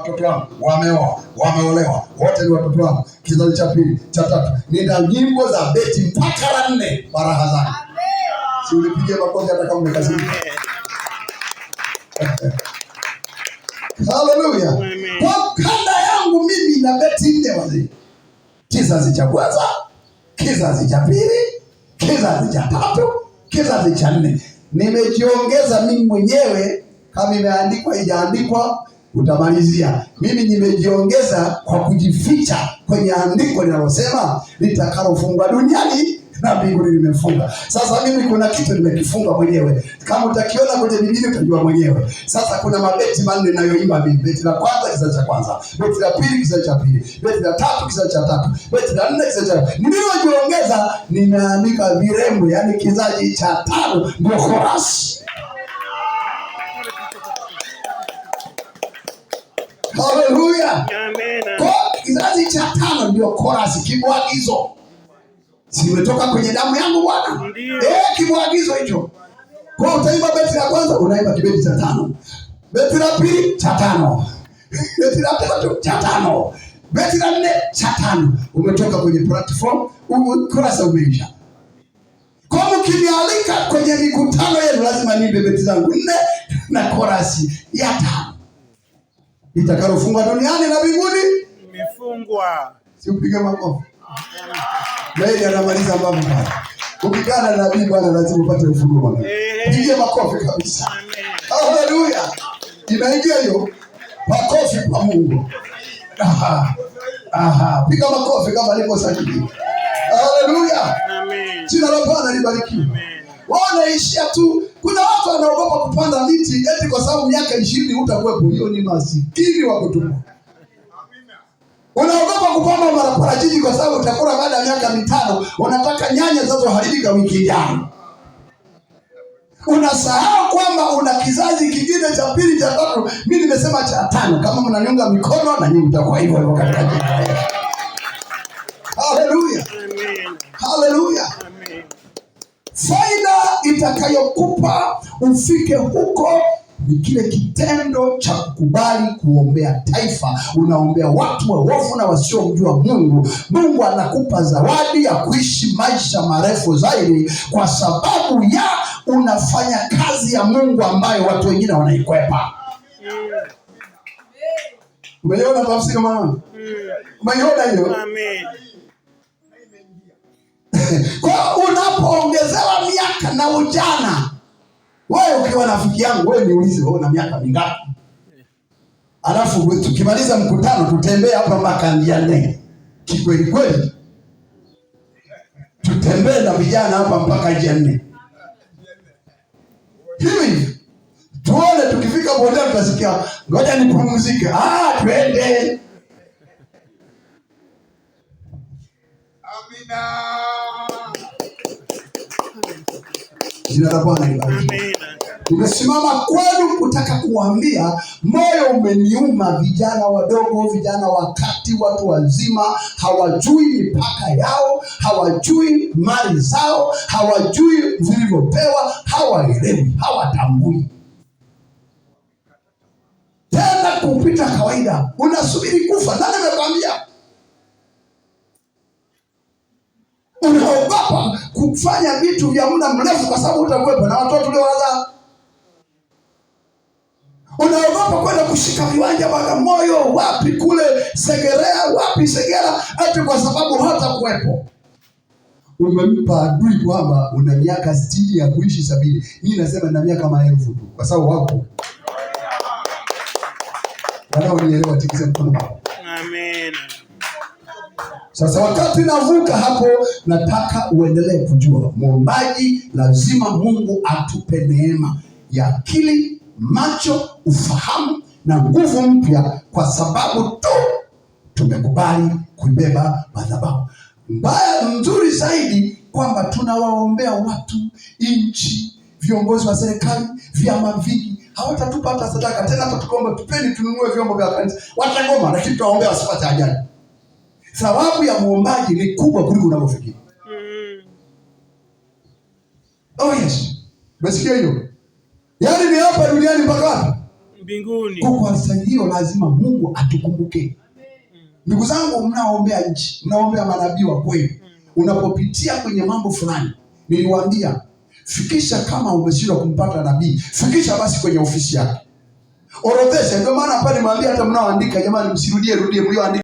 watoto wangu wameoa, wameolewa, wote ni watoto wangu, kizazi cha pili cha tatu. Nina nyimbo za beti mpaka la nne baraha zangu. Si ulipige makofi hata kama umekazini. Haleluya! Kwa kanda yangu mimi na beti nne wazee, kizazi cha kwanza, kizazi cha pili, kizazi cha tatu, kizazi cha nne. Nimejiongeza mimi mwenyewe, kama imeandikwa ijaandikwa utamalizia. Mimi nimejiongeza kwa kujificha kwenye andiko linalosema litakalofungwa duniani na mbinguni limefunga. Sasa mimi kuna kitu nimekifunga mwenyewe, kama utakiona kwenye Biblia utajua mwenyewe. Sasa kuna mabeti manne ninayoimba mimi, beti la kwanza kizazi cha kwanza, beti la pili kizazi cha pili, beti la tatu kizazi cha tatu, beti la nne kizazi cha nilivyojiongeza, nimeandika virembo, yani kizazi cha tano ndio korasi Haleluya. Kizazi cha tano ndio korasi kibwagizo zimetoka kwenye damu yangu Bwana. Eh, kibwagizo hicho. Kwa utaimba beti la kwanza, unaimba kibeti cha tano. Beti la pili cha tano. Beti la tatu cha tano. Beti la nne cha tano. Umetoka kwenye platform, ukurasa umeisha. Kwa mkinialika kwenye mikutano yenu lazima niimbe beti zangu nne na korasi ya tano litakalofungwa duniani na mbinguni imefungwa. Si upige makofi. Meli anamaliza mambo haya. Ukikana na nabii Bwana lazima upate ufunuo bwana. Pige makofi kabisa. Haleluya. Inaingia hiyo makofi kwa Mungu. Aha. Aha. Piga makofi kama liko sahihi. Haleluya. Amen. Jina la Bwana libarikiwe. Wanaishia tu kuna watu wanaogopa kupanda miti eti kwa sababu miaka ishirini hutakuwepo. Hiyo ni masikini wa kutumwa. Unaogopa kupanda maparachichi kwa sababu utakula baada ya miaka mitano. Unataka nyanya zinazoharibika wiki ijayo. Unasahau kwamba una kizazi kingine cha pili, cha tatu. Mimi nimesema cha tano. Kama mnaniunga mikono, na nyinyi mtakuwa hivyo hivyo katika jina la Yesu. Haleluya, haleluya itakayokupa ufike huko ni kile kitendo cha kukubali kuombea taifa. Unaombea watu waovu na wasiomjua Mungu. Mungu anakupa zawadi ya kuishi maisha marefu zaidi, kwa sababu ya unafanya kazi ya Mungu ambayo watu wengine wanaikwepa. Umeiona tafsiri Umeiona hiyo? Kwa unapoongezewa miaka na ujana, wewe ukiwa rafiki yangu, wewe niulize, wewe una miaka mingapi? Alafu tukimaliza mkutano tutembee hapa mpaka njia nne kikweli kweli, tutembee na vijana hapa mpaka njia nne hivi tuone, tukifika boda tutasikia, ngoja nipumzike. Ah, twende. Amina. Jina la Bwana libarikiwe. Tumesimama kwenu kutaka kuambia moyo umeniuma. Vijana wadogo, vijana wakati, watu wazima hawajui mipaka yao, hawajui mali zao, hawajui vilivyopewa, hawaelewi, hawatambui tena kupita kawaida. Unasubiri kufa? Nani amekwambia? kufanya vitu vya muda mrefu, kwa sababu utakuwepo na watoto uliowazaa. Unaogopa kwenda kushika viwanja Bagamoyo, wapi kule Segerea, wapi Segera, ati kwa sababu hatakuwepo. Umempa adui kwamba una miaka sitini ya kuishi sabini. Mimi nasema na miaka maelfu tu, kwa sababu wako wanaonielewa. Tikisa mkono wako sasa wakati navuka hapo, nataka uendelee kujua mwombaji lazima Mungu atupe neema ya akili, macho, ufahamu na nguvu mpya, kwa sababu tu tumekubali kuibeba madhabahu. Mbaya mzuri zaidi kwamba tunawaombea watu, nchi, viongozi wa serikali, vyama vingi hawatatupa hata sadaka tena, hata tukiomba tupeni tununue vyombo vya kanisa, watagoma, lakini tunawaombea wasipate ajali. Thawabu ya muombaji ni kubwa kuliko unavyofikiri. Mm. Oh yes. Umesikia hiyo? Yaani ni hapa duniani mpaka wapi? Mbinguni. Kwa hiyo lazima Mungu atukumbuke. Hmm. Ndugu zangu, mnaombea nchi, mnaombea manabii wa kweli. Mm. Unapopitia kwenye mambo fulani, niliwaambia fikisha, kama umeshindwa kumpata nabii, fikisha basi kwenye ofisi yake. Orodhesha. Ndio maana hapa nimwambia hata mnaoandika, jamani, msirudie rudie mlioandika.